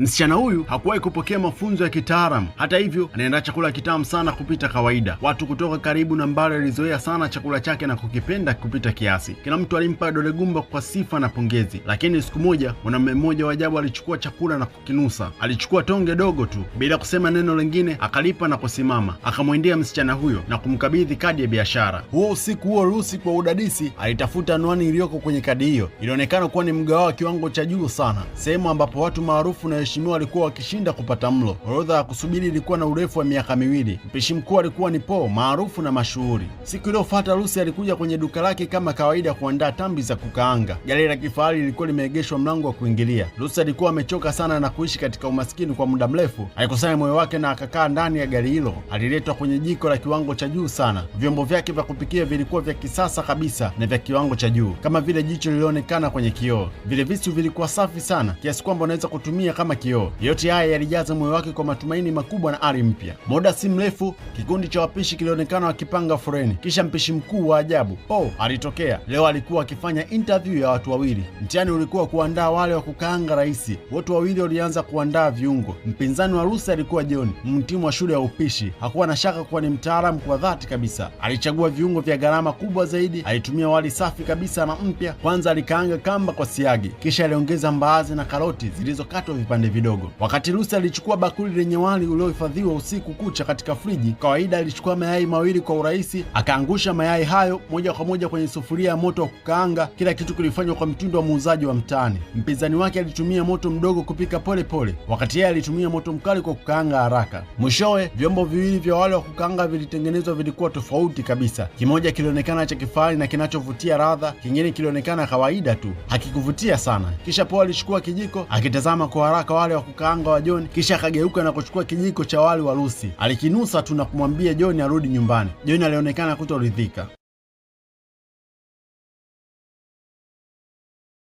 Msichana huyu hakuwahi kupokea mafunzo ya kitaalamu. Hata hivyo, anaenda chakula kitamu sana kupita kawaida. Watu kutoka karibu na mbali walizoea sana chakula chake na kukipenda kupita kiasi. Kila mtu alimpa dole gumba kwa sifa na pongezi. Lakini siku moja, mwanamume mmoja wa ajabu alichukua chakula na kukinusa. Alichukua tonge dogo tu bila kusema neno lingine, akalipa na kusimama. Akamwendea msichana huyo na kumkabidhi kadi ya biashara. Huo usiku huo, Lucy kwa udadisi alitafuta anwani iliyoko kwenye kadi hiyo. Ilionekana kuwa ni mgawao wa kiwango cha juu sana, sehemu ambapo watu maarufu na waheshimiwa walikuwa wakishinda kupata mlo. Orodha ya kusubiri ilikuwa na urefu wa miaka miwili. Mpishi mkuu alikuwa ni Po, maarufu na mashuhuri. Siku iliyofuata, Lucy alikuja kwenye duka lake kama kawaida kuandaa tambi za kukaanga. Gari la kifahari lilikuwa limeegeshwa mlango wa kuingilia. Lucy alikuwa amechoka sana na kuishi katika umaskini kwa muda mrefu. Alikusanya moyo wake na akakaa ndani ya gari hilo. Aliletwa kwenye jiko la kiwango cha juu sana. Vyombo vyake vya kupikia vilikuwa vya kisasa kabisa na vya kiwango cha juu, kama vile jicho lilionekana kwenye kioo. Vile visu vilikuwa safi sana kiasi kwamba unaweza kutumia kama kioo. Yote haya yalijaza moyo wake kwa matumaini makubwa na ari mpya. Muda si mrefu, kikundi cha wapishi kilionekana wakipanga foreni, kisha mpishi mkuu wa ajabu oh, alitokea. Leo alikuwa akifanya interview ya watu wawili. Mtihani ulikuwa kuandaa wale wa kukaanga rahisi. Wote wawili walianza kuandaa viungo. Mpinzani wa rusi alikuwa John, mhitimu wa shule ya upishi. Hakuwa na shaka kuwa ni mtaalamu kwa dhati kabisa. Alichagua viungo vya gharama kubwa zaidi, alitumia wali safi kabisa na mpya. Kwanza alikaanga kamba kwa siagi, kisha aliongeza mbaazi na karoti zilizokatwa vipande vipande vidogo. Wakati Lucy alichukua bakuli lenye wali uliohifadhiwa usiku kucha katika friji, kawaida alichukua mayai mawili kwa urahisi, akaangusha mayai hayo moja kwa moja kwenye sufuria ya moto wa kukaanga. Kila kitu kilifanywa kwa mtindo wa muuzaji wa mtaani. Mpinzani wake alitumia moto mdogo kupika pole pole, wakati yeye alitumia moto mkali kwa kukaanga haraka. Mwishowe, vyombo viwili vya wali wa kukaanga vilitengenezwa, vilikuwa tofauti kabisa. Kimoja kilionekana cha kifahari na kinachovutia ladha, kingine kilionekana kawaida tu, hakikuvutia sana. Kisha Paul alichukua kijiko akitazama kwa haraka wali wa kukaanga wa John, kisha akageuka na kuchukua kijiko cha wali wa Lucy. Alikinusa tu na kumwambia John arudi nyumbani. John alionekana kutoridhika.